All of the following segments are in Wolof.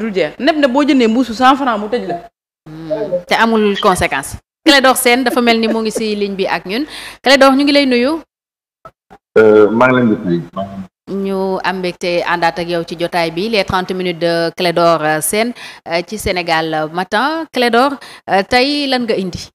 bu dul jeex boo jëndee mbuusu cent franc mu tëj la. te amul conséquence. Clédor Sène dafa mel ni moo ngi ci ligne bi ak ñun Clédor ñu ngi lay euh, nuyu. ñu am mbégte àndaat ak yow ci jotaay bi les trente minutes de Clédor Sène euh, ci Sénégal matin Clédor euh, tey lan nga indi.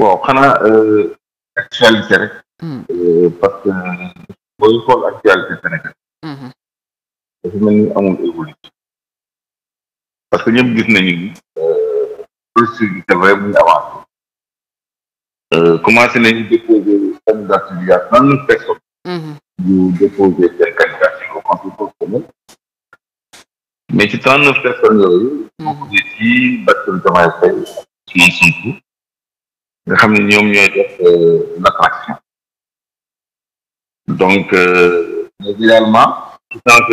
waaw xanaa actualité rek. Hmm. dafa mel ni évolution parce que ñëpp gis nañu ni euh, processus bi c'est vrai bu ñu avancé euh, commencé nañu déposer candidature yi ak vingt neuf personnes mm-hmm. déposer seen candidature au conseil constitutionnel mais ci trente neuf personnes yooyu mm-hmm. bokk na ci Bassirou Diomaye Faye Ousmane Sonko nga xam ne ñoom ñooy def euh, l'attraction donc mais également ci temps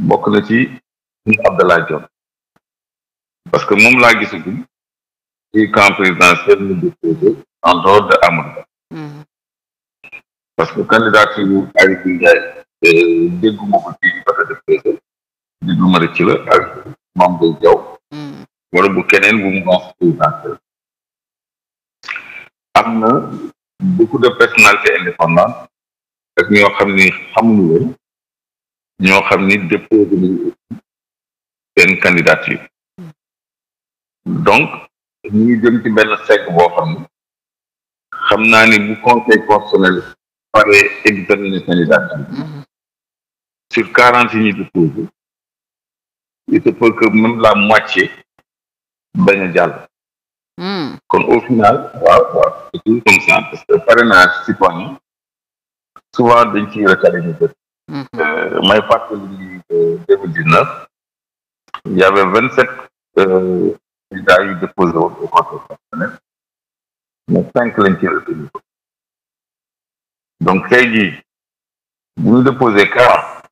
bokk na ci Abdallah Dione parce que moom laa gisagum ci camp présidentiel mu déposé en dehors de Amadou Ba hmm. parce que candidature Aly euh, dégguma ko ci la ak Mame Boye Diao hmm. wala bu keneen bu mu lance présidentiel am na beaucoup de personnalités indépendantes ak ñoo xam ni xamuñu ñoo xam ni déposé nañu seen candidature donc ñu ngi jëm ci benn segg boo xam ni xam naa ni bu conseil constitutionnel pare examiner candidature mm-hmm. sur quarante yi ñu déposé il se peut que même la moitié bañ jàll mm. kon au final waaw waaw c'est tout comme souvent dañ ciy recalé ñu bëri. Mm-hmm. Euh, may fàttali ni euh, deux mille dix vingt sept euh, candidats yu déposé woon au conseil constitutionnel cinq lañ ciy retenu donc tey jii bu ñu déposé quarante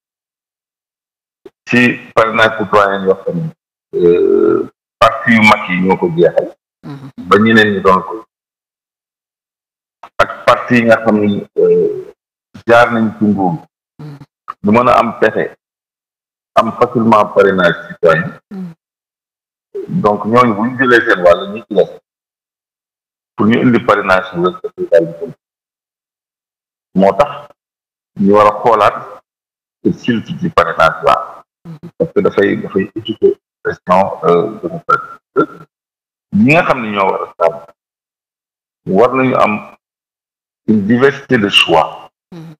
ci parrainage citoyen yoo xam ne parti yu yi ñoo ko jeexal mm-hmm. ba ñeneen ak parti nga xam jaar nañ ci nguur ñu mm. mën a am pexe am facilement parrainage citoyen mm. donc ñooñu bu ñu jëlee seen wàll ñu ci pour ñu indi parrainage bi rek dafay moo tax ñu war a xoolaat te silti ci parrainage la mm-hmm. parce que dafay dafay éduquer question euh, démocratique ñi nga xam ne ñoo war a sàmm war nañu am une diversité de choix Mm-hmm.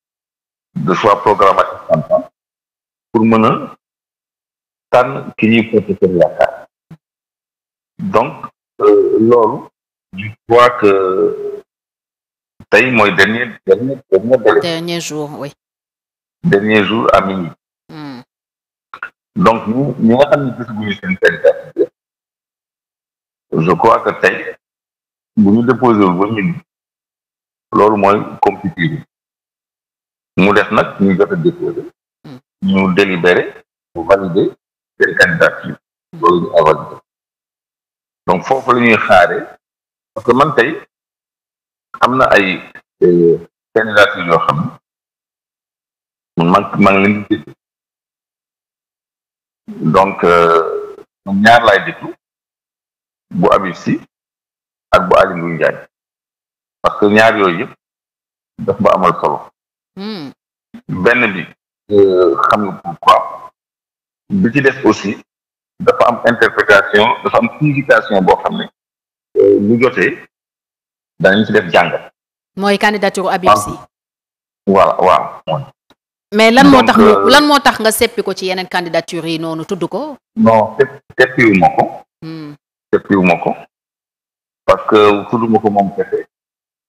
de choix programmatique mën a tànn ki ñuy porté seen yaakaar donc euh, loolu je crois que tey mooy dernier dernier dernier délai dernier jour à minuit mm. donc ñu ñi crois que tey bu ñu déposé ba minuit loolu mooy compliqué mu def nag ñu jot a déposé hmm. ñu délibéré bu validé seen candidature hmm. donc foofu la ñuy xaaree parce que man tey am na ay euh, candidature yoo xam ne man maa ngi leen di déglu donc euh, ñaar laay déglu bu Habib ak bu Aly Ngouille Ndiaye parce que ñaar yooyu yëpp daf ba amal solo Hmm. benn bi euh, xam nga pourquoi bi ci def aussi dafa am interprétation dafa am signification boo xam ne euh, bu jotee danañ ci def jàngat. mooy candidature Habib Sy. voilà waaw. mais lan moo tax euh, lan moo tax nga seppi ko ci yeneen candidature yi noonu tudd ko. non seppiwu ma ko. seppiwu hmm. ma ko. parce que tudd ko moom kese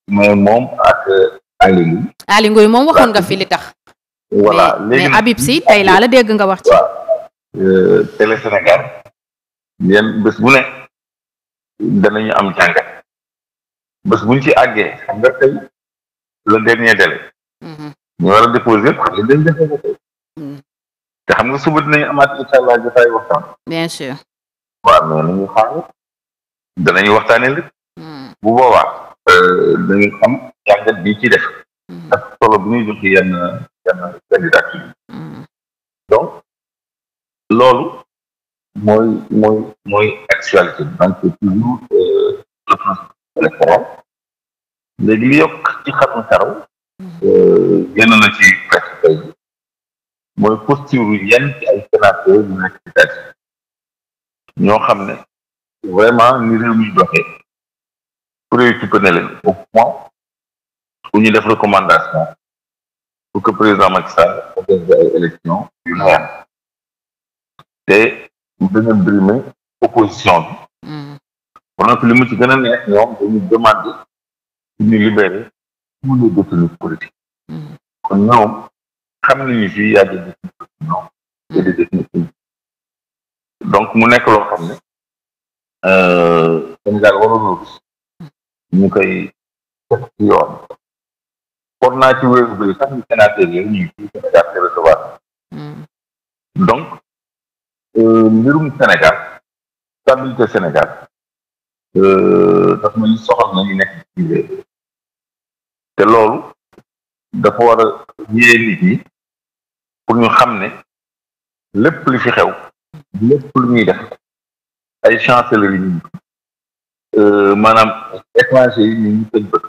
mais moom ak. Aly Ngouille Aly Ngouille moom waxoon nga fi li tax voilà léegi mais Habib Sy tey laa la dégg nga wax ci euh, Télé Sénégal yeen bés bu ne danañu am jàngat bés buñ ci àggee xam nga tey le dernier délai mhm. ñu a déposer ko li mhm. amaat incha allah jotaay waxtaan bien sûr waaw mais nañu xaar danañu waxtaane lépp mhm. bu boobaa euh, dañu xam jàngat bi ci def mm. ak solo bi ñuy joxe yenn yenn candidature mm. donc loolu mooy mooy mooy actualité donc toujours euh, le léegi li yokk ci xarnu karaw mm. euh, génn na ci mooy posture yenn ci ay sénateur yu ñoo xam ne vraiment ni réew mi doxee préoccupé na leen au point pour ñu def recommandation pour que président Macky Sall organiser ay élection yu leer te dañu brimer opposition bi kon mm. nag li mu ci gën a neex ñoom dañu demandé ñu libérer tous mm. xam a des mm. mu nekk loo xam ne euh, Sénégal waroon ñu koy teg ci yoon for naa ci wéeru bi sax ñu sénateur yi ñu ngi fii Sénégal te recevoir hmm. donc euh, mbirum Sénégal stabilité Sénégal euh, daf te loolu dafa war a nit ñi pour ñu xam ne lépp li fi xew lépp lu ñuy def ay chancellerie yi ñu euh, maanaam étranger yi ñu ngi tëj bët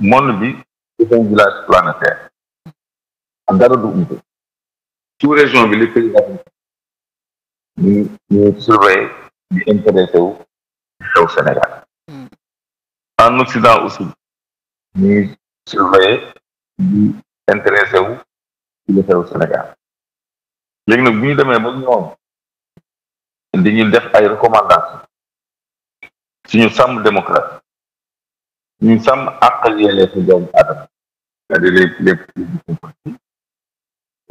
monde bi vingt villages planétaires dara du ump sous région bi li pays ñu ñu surveiller di intéressé hmm. aussi ñuy surveiller di intéressé wu ci li xew Sénégal léegi nag bu ñu demee ba ñoom dañuy def ay recommandations suñu sàmm démocratie ñu sàmm àq yelleefu doomu aadama c'est-à-dire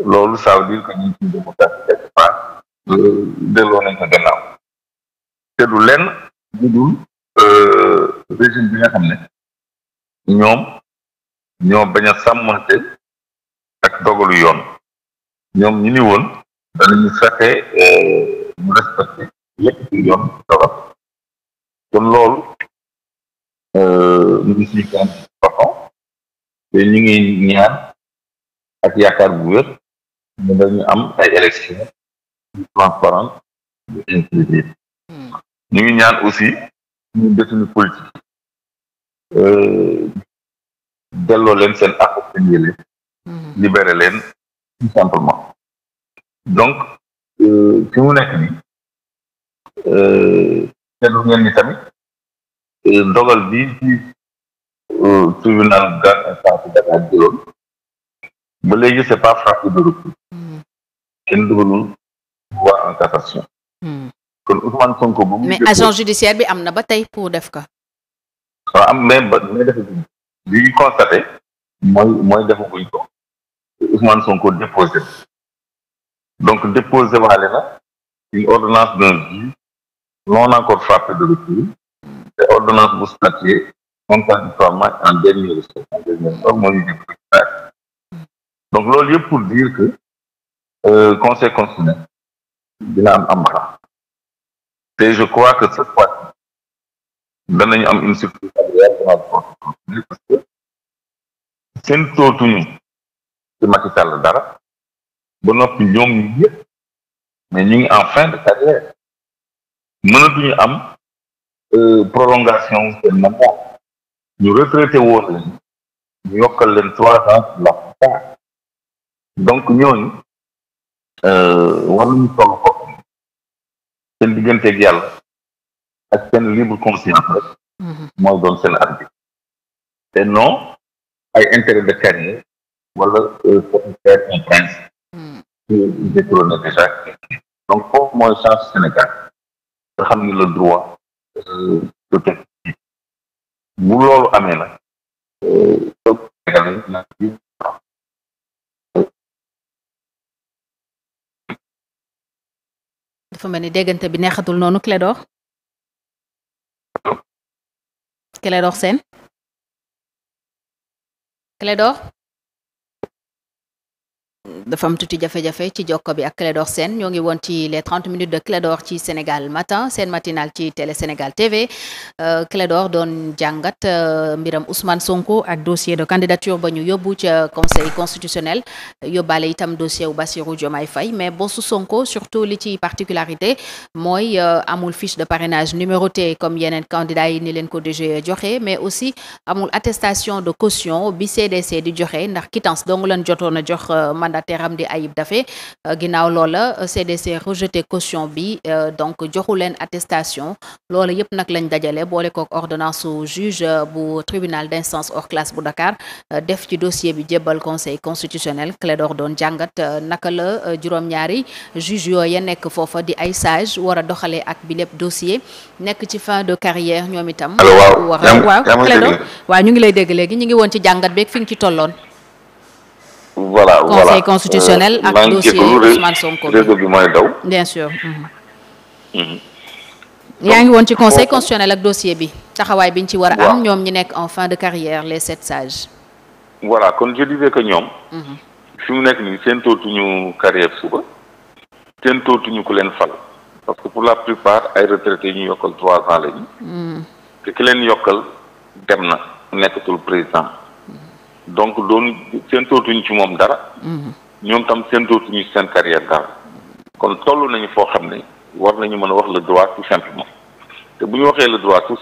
loolu ça veut dire ñu euh, ngi te du lenn du dul euh, régime bi nga xam ne ñoom ñoo bañ a ak dogalu yoon ñoom ñu ni woon danañu fexe ñu euh, respecté lépp ci yoon dogal kon loolu ñu ngi siy gàncax te ñu ngi ñaan ak yaakaar bu wér ñu dañu am ay élection yu transparente hmm. ñu ngi ñaan aussi ñu détenu politique euh, delloo leen seen àq ak seen yële hmm. leen tout simplement donc euh, fi mu nekk ni euh, seetlu ngeen ni tamit dogal bi tribunal grande instance bi Dakar jëloon ba léegi c'est pas frappé de kenn dugalul pouvoir en cassation kon Ousmane Sonko bu mais agent judiciaire bi am na ba tey pour def ko waaw am mais ba mais defa guñ li ñu constaté ko Ousmane Sonko déposé donc déposé waale na une ordonnance d'un juge non encore frappé de recours ordonnance bu statué montant du travail en dernier ressort en dernier ressort moo ñu déglu loolu yëpp pour dire que euh, conseil constitutionnel dina am am xaar te je crois que cette fois danañu am une surprise agréable parce que seen tootuñu ci Macky Sall dara ba noppi ñoom ñu yëpp mais ñu ngi en fin de carrière mënatuñu am euh, prolongation seen ñu retraité woon leen ñu yokkal leen trois ans la part donc ñooñu euh, war nañu toll ko seen digganteeg yàlla ak seen libre conscience rek mm-hmm. mooy doon seen arbitre te non ay intérêt de carrière wala faire euh, mm. un donc foofu mooy chance Sénégal nga xam ni le droit euh, bu loolu amee nag dafa mel ni déggante bi neexatul noonu Clédor Clédor Sène Clédor dafa am jafe-jafe ci jokko bi ak Clédor Sène ñoo ngi woon ci les minutes de Clédor ci Sénégal matin seen matinal ci télé Sénégal TV euh, Clédor doon jàngat euh, mbiram Ousmane Sonko ak dossier de candidature ba ñu yóbbu ca conseil constitutionnel yóbbaale itam dossier wu Bassirou Diomaye Faye mais bossu Sonko surtout li ci particularité mooy euh, amul fiche de parrainage numéroté comme yeneen candidat yi ni leen ko déjà joxe mais aussi amul attestation de caution a jox mandataire am di Ayib Daffé euh, ginnaaw loola CDC euh, rejeté caution bi euh, donc joxu leen attestation loola yëpp nag lañ dajale boole kook ordonnance su juge bu tribunal d'instance hors classe bu Dakar def ci dossier bi jébbal conseil constitutionnel Clédor doon jàngat naka la juróom-ñaari juge yooya nekk foofa di ay sage war a doxalee ak bi lépp dossier nekk ci fin de carrière ñoom itam. waaw waaw ñu ngi lay dégg léegi ñu ngi woon ci jàngat beeg fi nga ci tolloon. voilà voilà conseil euh, constitutionnel ak dossier Ousmane Sonko réseau bi mooy daw. bien sûr. Mhm. Mhm. ngi woon ci conseil constitutionnel ak dossier bi taxawaay bi ñu ci war a am. ñoom ñi nekk en fin de carrière les sept sages. voilà kon je disais que ñoom. Mhm. fi mu nekk nii seen tootuñu carrière suba. seen tootuñu ku leen fal. parce que pour la plupart ay retraités ñu yokkal trois ans lañu. te ki leen yokkal dem na nekkatul président. donc doon séntootuñu ci moom dara. Mhm. ñoom tam séntootuñu seen carrière dara. kon toll nañu foo xam ne war nañu mën a wax le droit tout simplement te bu ñu waxee le droit tout